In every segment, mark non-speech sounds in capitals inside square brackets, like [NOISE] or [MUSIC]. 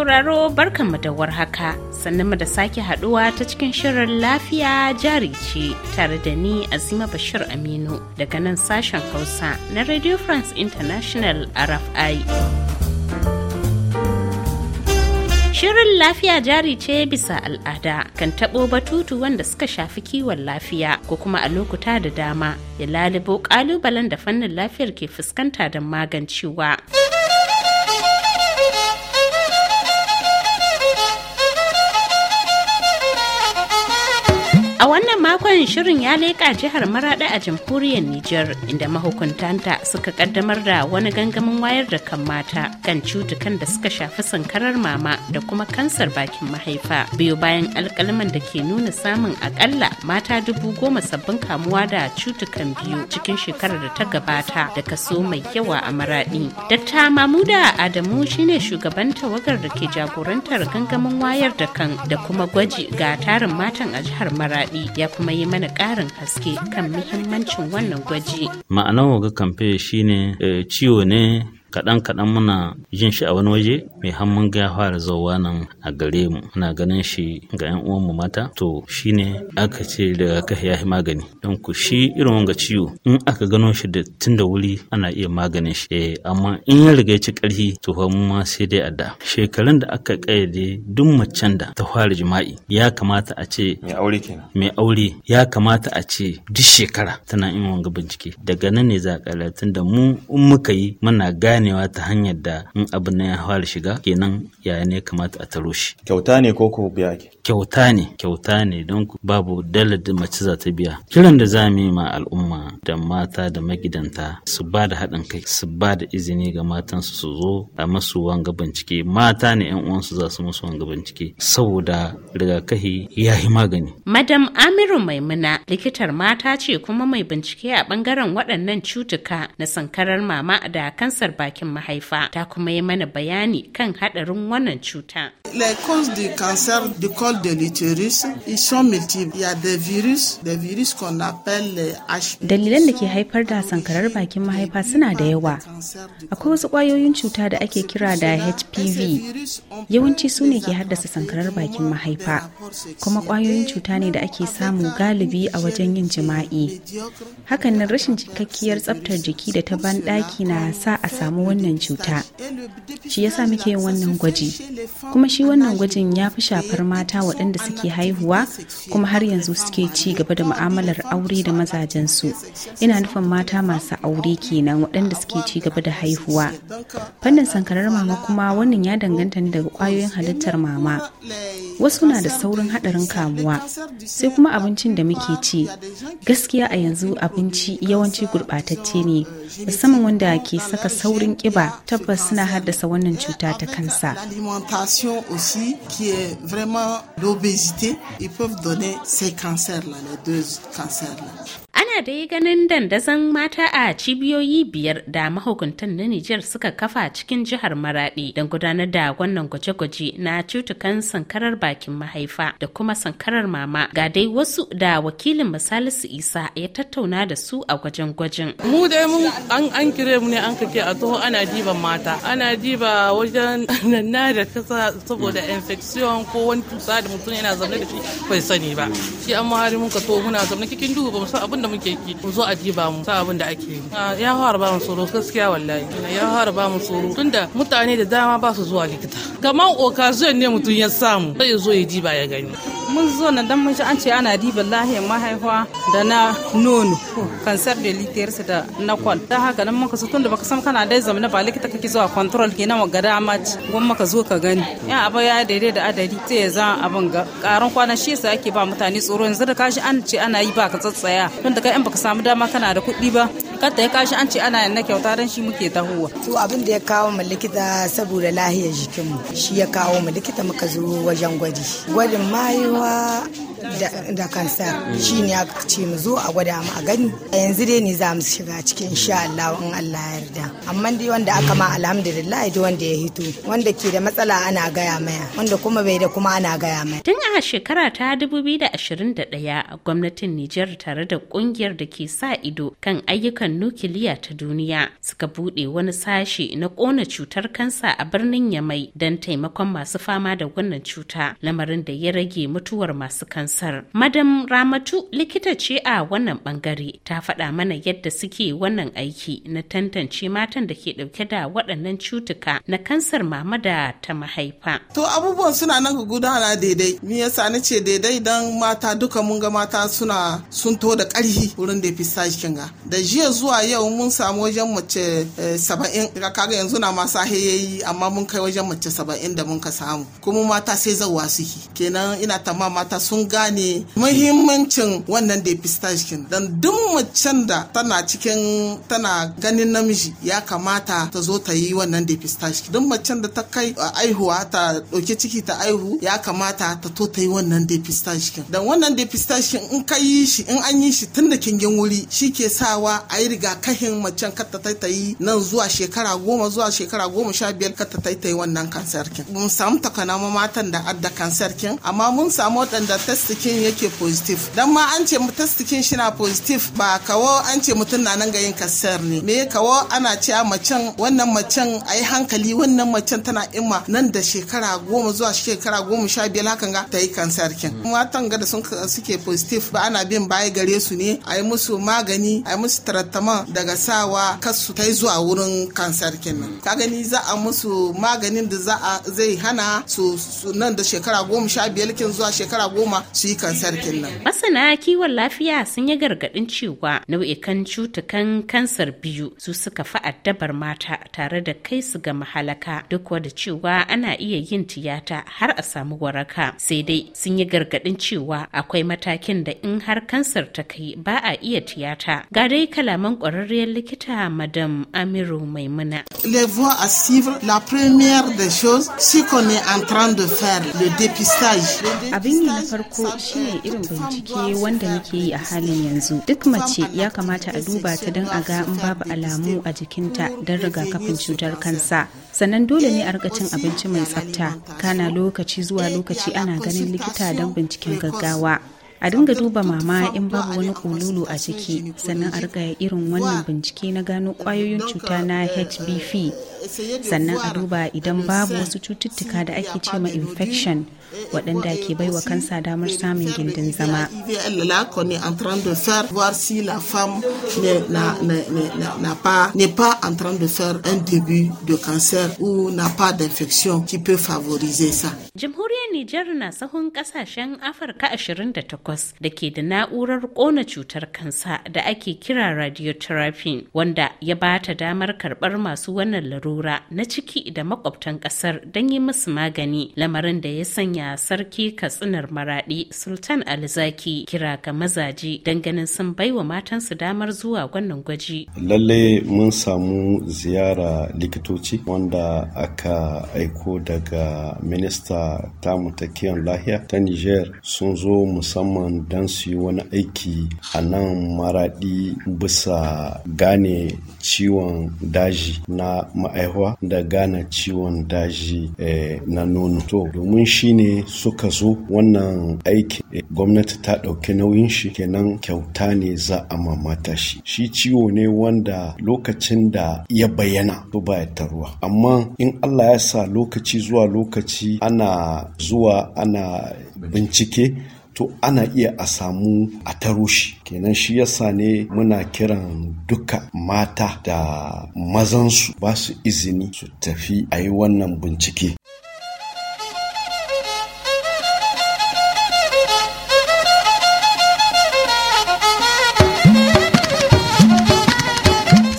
sauraro barkanmu da warhaka sannan mu da sake haduwa ta cikin shirin lafiya jari ce tare da ni azima bashir aminu daga nan sashen hausa na radio france international rfi Shirin lafiya jari ce bisa al'ada kan taɓo batutu wanda suka shafi kiwon lafiya ko kuma a lokuta da dama ya lalibo ƙalubalen da fannin lafiyar ke fuskanta don magancewa. A wannan makon Wannan shirin ya leƙa jihar Maraɗa a jamhuriyar Nijar inda mahukuntanta suka kaddamar da wani gangamin wayar da kan mata kan cutukan da suka shafi sankarar mama da kuma kansar bakin mahaifa. Biyu bayan alkalaman da ke nuna samun akalla mata dubu goma sabbin kamuwa da cutukan biyu cikin shekarar da ta gabata da kaso mai yawa a Maraɗi. Dakta Mamuda Adamu shine shugaban tawagar da ke jagorantar gangamin wayar da kan da kuma gwaji ga tarin matan a jihar Maraɗi ya kuma yi mana ƙarin haske kan muhimmancin wannan gwaji. Ma'anar waga kamfe shine eh, ciwo ne kaɗan kaɗan muna jin shi a wani waje mai hannun ga fara zauwa nan a gare mu muna ganin shi ga yan uwan mu mata to shine aka ce daga ka ya yi magani don ku shi irin wanga ciwo in aka gano shi da tun da wuri ana iya maganin shi eh amma in ya riga ci karfi to fa mu ma sai dai adda shekarun da aka kayyade duk macen da ta fara jima'i ya kamata a ce mai aure kenan mai aure ya kamata a ce duk shekara tana yin wanga bincike daga nan ne za a tun da mu in muka yi muna gane ganewa ta hanyar da in abin nan ya fara shiga kenan yaya ne kamata a taro shi kyauta ne ko ku biya kyauta ne kyauta ne don babu dalar da mace za ta biya kiran da za mu yi ma al'umma da mata da magidanta su ba da haɗin kai su ba da izini ga matan su zo a masu wanga bincike mata ne yan uwansu za su masu wanga bincike saboda rigakafi ya yi magani madam amiru maimuna likitar mata ce kuma mai bincike a ɓangaren waɗannan cutuka na sankarar mama da kansar baki bakin mahaifa ta kuma yi mana bayani kan haɗarin wannan cuta. cancer Dalilan da ke haifar da sankarar bakin mahaifa suna da yawa. Akwai wasu kwayoyin cuta da ake kira da HPV. Yawanci su ne ke haddasa sankarar bakin mahaifa. Kuma kwayoyin cuta ne da ake samu galibi a wajen yin jima'i. Hakan nan rashin cikakkiyar tsaftar jiki da ta banɗaki na sa a samu kamu wannan cuta shi yasa muke yin wannan gwaji kuma shi wannan gwajin ya fi shafar mata waɗanda suke haihuwa kuma har yanzu suke ci gaba da mu'amalar aure da mazajensu ina nufin mata masu aure kenan waɗanda suke ci gaba da haihuwa fannin sankarar mama kuma wannan ya danganta ne daga ƙwayoyin halittar mama wasu na da saurin haɗarin kamuwa sai kuma abincin da muke ci gaskiya a yanzu abinci yawanci gurɓatacce ne musamman wanda ke saka saurin L'alimentation aussi, qui est vraiment l'obésité, ils peuvent donner ces cancers-là, les deux cancers-là. Ana dai ganin dandazon mata a cibiyoyi biyar da mahukuntan na Nijar suka kafa cikin jihar Maradi don gudanar da wannan gwaje-gwaje na cutukan sankarar bakin mahaifa da kuma sankarar mama. Ga dai wasu da wakilin Misalisu Isa ya tattauna da su a gwajen gwajin. Mu dai mu an an kire mu ne an kake a toho ana diban mata. Ana diba wajen nanna [LAUGHS] da kasa saboda infection ko wani tusa da mutum yana zaune da shi bai sani ba. Shi an mahari mun ka to muna zaune cikin duhu ba mu san abin da mu keke mu zo a diba mu sa abin da ake yi ah, ya fara ba mu tsoro gaskiya wallahi ya fara ba mu tsoro tunda mutane da dama ba su zuwa likita kamar okazion ne mutum ya samu sai ya zo ya diba ya gani mun zo na dan mun an ce ana diba lahiyar mahaifa da na nono kansar da litiyarsa da na kwal da haka nan muka so tunda baka san kana dai zamana ba likita kake zuwa control kenan wa gada ma gwamma ka zo ka gani ya abu ya daidai da adadi sai ya za abin ga karan kwana shi yasa ake ba mutane tsoro yanzu da kashi an ce ana yi ba ka tsatsaya tunda kai in baka samu dama kana da kuɗi ba kar ta ya kashi an ce ana yin na kyauta don shi muke tahowa. To abin da ya kawo mu likita saboda lahiyar jikinmu shi ya kawo mu likita muka zo wajen gwaji. Gwajin mayuwa da kansa shi ne ce mu zo a gwada mu a gani a yanzu dai ne za mu shiga cikin sha Allah in Allah ya yarda amma dai wanda aka ma alhamdulillah da wanda ya hito wanda ke da matsala ana gaya maya wanda kuma bai da kuma ana gaya maya tun a shekara ta 2021 gwamnatin Nijar tare da kungiyar da ke sa ido kan ayyukan nukiliya ta duniya suka bude wani sashe na kona cutar kansa a birnin Yamai don taimakon masu fama da wannan cuta lamarin da ya rage mutuwar masu kansa kansar. Madam Ramatu likita ce a wannan bangare ta faɗa mana yadda suke wannan aiki na tantance matan da ke ɗauke da waɗannan cutuka na kansar mama da ta mahaifa. To abubuwan suna nan gudana daidai. Me yasa na ce daidai dan mata duka mun ga mata suna sun to da ƙarfi wurin da fi sashi ga. Da jiya zuwa yau mun samu wajen mace eh, saba'in kaga yanzu na ma sa yayi amma mun kai wajen mace saba'in da mun ka samu kuma mata sai zawa suke kenan ina tamma mata sun ga gane muhimmancin wannan depistage kin dan duk macen da tana cikin tana ganin namiji ya kamata ta zo ta yi wannan depistage duk macen da ta kai aihuwa ta dauke ciki ta aihu ya kamata ta to ta yi wannan depistage kin dan wannan depistage in ka yi shi in an yi shi tun da kingin wuri shi ke sawa a yi rigakafin macen kar ta ta yi nan zuwa shekara goma zuwa shekara goma sha biyar kar ta ta yi wannan kansarkin mun samu ma matan da adda kansarkin amma mun samu waɗanda test testikin yake positif dan ma an ce mu testikin shi na positif ba kawo an ce mutum na nan ga yin kasar ne me kawo ana ce a macen wannan macen a yi hankali wannan macen tana ima nan da shekara goma zuwa shekara goma sha biyar hakan ga ta yi kansar kin mm. matan ga da sun suke positif ba ana bin baya gare su ne a yi musu magani a yi musu tarattama daga sawa kasu ta yi zuwa wurin kansar nan mm. ka gani za a musu maganin da za a zai hana su nan da shekara goma sha biyar kin zuwa shekara goma cikan sarkin nan. Masana kiwon lafiya sun yi gargaɗin cewa nau'ikan cutukan kansar biyu su suka fi addabar mata tare da kai su ga mahalaka duk wada cewa ana iya yin tiyata har a samu waraka sai dai sun yi gargaɗin cewa akwai matakin da in har kansar ta kai ba a iya tiyata ga dai kalaman ƙwararriyar likita madam amiru maimuna. Les voies à suivre, la première des choses, ce qu'on est en train de faire le dépistage. Abin na farko shine irin bincike wanda muke yi a halin yanzu duk mace ya kamata a duba ta don a ga in babu alamu a jikinta don rigakafin cutar kansa sannan dole ne a rika cin abinci mai tsafta kana lokaci zuwa lokaci ana ganin likita don binciken gaggawa a dinga duba mama in babu wani kululu a ciki sannan a rika irin wannan bincike na gano kwayoyin cuta na hbv sannan a duba idan babu wasu cututtuka da ake ce ma infection waɗanda eh, ke baiwa kansa damar samun gindin zama Jamhuriyar Nijar na sahun kasashen Afirka 28 da ke da na'urar kona cutar kansa da ake kira radiotherapy wanda ya ba ta damar karɓar masu wannan laro. larura na ciki da makwabtan kasar don yi musu magani lamarin da ya sanya sarki katsinar maradi sultan alzaki kira ga mazaji don ganin sun bai wa matansu damar zuwa wannan gwaji lalle mun samu ziyara likitoci wanda aka aiko daga minista ta mutakiyar lahiya ta niger sun zo musamman don su yi wani aiki a nan maradi bisa gane ciwon daji na ma'aikata haihuwa da gane ciwon daji eh, na nono to domin shi ne suka zo wannan aiki eh, gwamnati ta ɗauki nauyin shi kenan kyauta ne za a mamata shi shi ciwo ne wanda lokacin da ya bayyana to ba ya taruwa amma in Allah ya sa lokaci zuwa lokaci ana zuwa ana bincike to ana iya a samu a taro shi kenan shi yasa ne muna kiran duka mata da mazansu ba su izini su tafi a yi wannan bincike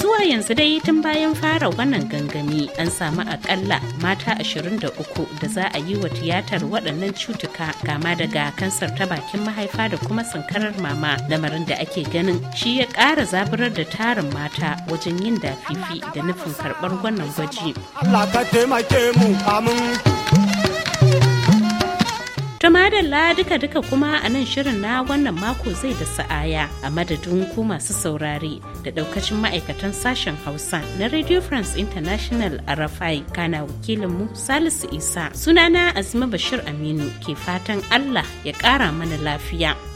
zuwa yanzu dai tun bayan a wannan gangami an samu akalla mata 23 da za a yi wa tiyatar waɗannan cutuka kama daga kansar ta bakin mahaifa da kuma sankarar mama lamarin da ake ganin shi ya ƙara zaburar da tarin mata wajen yin dafifi da nufin karɓar wannan gwaji. Allah ka taimake mu amin. madalla duka-duka kuma a nan shirin na wannan mako zai da sa'aya a madadin ku masu saurare da daukacin ma'aikatan sashen hausa na radio france international a rafai kana wakilin mu salisu isa sunana azima bashir aminu ke fatan allah ya kara mana lafiya